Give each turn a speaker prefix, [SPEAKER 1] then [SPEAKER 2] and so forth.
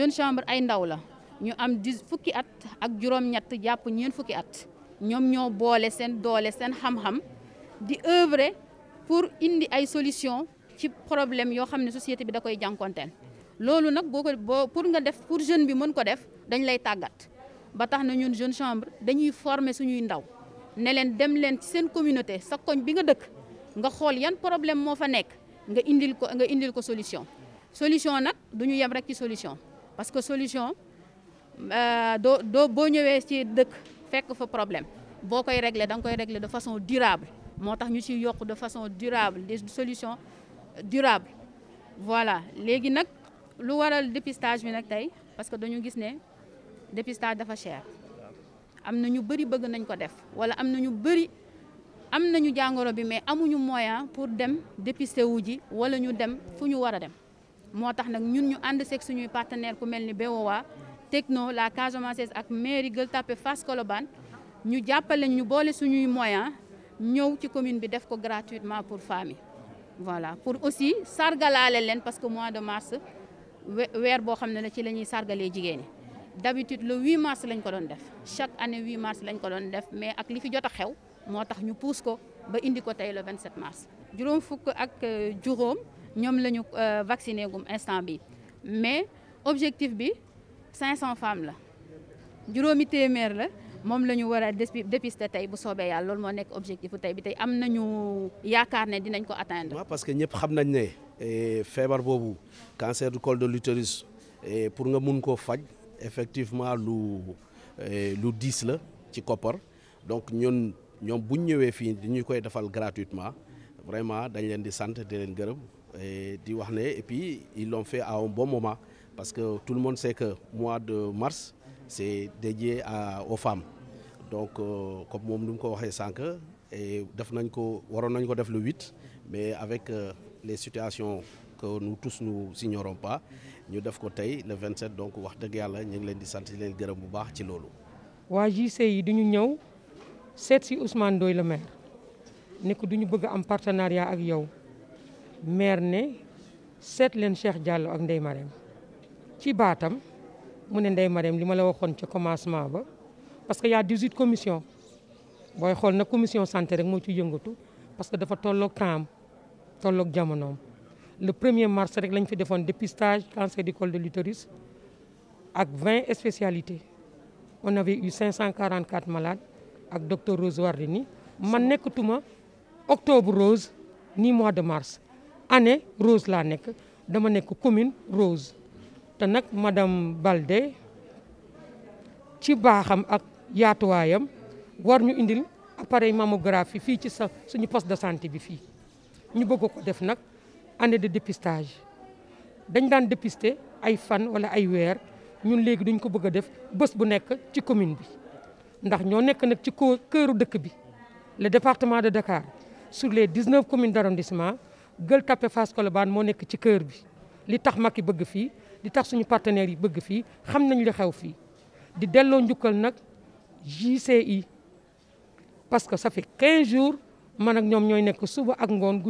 [SPEAKER 1] jeune chambre ay ndaw la ñu am dix fukki at ak juróom-ñett jàpp ñeent fukki at ñoom ñoo boole seen doole seen xam-xam di œuvrer pour indi ay solution ci problème yoo xam ne société bi da koy jànkonteel loolu nag boo ko boo pour nga def pour jeune bi mën ko def dañ lay tàggat ba tax na ñun jeune chambre dañuy former suñuy ndaw ne leen dem leen ci seen communauté sa koñ bi nga dëkk nga xool yan problème moo fa nekk nga indil ko nga indil ko solution solution nag du ñu yem rek ci solution parce que solution euh, do doo boo ñëwee ci dëkk fekk fa problème bokoy régler dang koy régler de façon durable motax ñu ci yokk de façon durable des solutions durables voilà légui nak lu waral dépistage bi nak tay parce que dañu gis né dépistage dafa cher amna ñu bëri bëgg nañ ko def wala amna ñu bëri amna ñu jangoro bi mais amuñu moyen pour dem dépister wu wala ñu dem fu ñu wara dem moi tax nag ñun ñu and seeg suñuy partenaire ku melni ni Techno la Casamance ak mairie Gueule Tapée Fass Colobane ñu jappalé ñu bolé suñuy moyen ñew ci commune bi def ko gratuitement pour famille voilà pour aussi sargalalé len parce que mois de mars weer bo xamné la ci lañuy sargalé sargalee d'habitude le 8 mars lañ ko doon def chaque année 8 mars lañ ko doon def mais ak li fi jot xew motax ñu pousse ko ba indi ko tay le 27 mars juróom fukk ak euh, juróom ñom lañu ñu euh, vacciné gum instant bi mais objectif bi 500 femmes la juromi témèr la mom lañu wara war a dépister tay bu soobee yalla loolu mo nek objectif bu tey bi tay am nañu yaakaar ne dinañ ko atteindre. waaw
[SPEAKER 2] parce que ñëpp xam nañ ne eh, feebar bobu cancer du col de l'utérus eh, pour nga mën ko faj effectivement lu eh, lu 10 la ci koppar donc ñun ñom bu ñëwé fi fii dañu koy defal gratuitement vraiment dañ leen di sant di leen gërëm. Et et puis ils l'ont fait à un bon moment parce que tout le monde sait que le mois de mars, c'est dédié aux femmes. Donc, euh, comme nous dit, et nous avons fait le 8, mais avec euh, les situations que nous tous nous ignorons pas, nous avons fait le 27, donc nous avons fait le santé de la nous avons
[SPEAKER 3] fait le le maire ne partenariat avec vous maire ne set len Cheikh Diallo ak ndey Marème ci batam mu ne Ndeye Marème li ma la waxoon ca commencement ba parce que y a 18 commissions boy xol na commission santé rek mo ci yëngatu parce que dafa tolok tam tolok jamonoom le 1er mars rek lañ fi defone dépistage cancer du col de l'utérus ak 20 spécialités on avait eu 544 malades ak docteur Rose Wardini man nekutuma octobre rose ni mois de mars année Rose la nek dama nek commune Rose Tanak nak madame Balde ci baxam ak yaatuwaayam war ñu indil appareil mammographie fi ci sa suñu poste de santé bi fi ñu bëgg ko def nak année de dépistage dañ dan dépister ay fan wala ay wèr ñun légui duñ ko bëgg def bés bu nek ci commune bi ndax ño nek nak ci cœuru dëkk bi le département de Dakar sur les 19 communes d'arrondissement, Gueule capé face Colobane cœur bi li tax Macky bëgg fii li tax suñu partenaires yi bëgg JCI parce que ça fait 15 jours que ak ñoom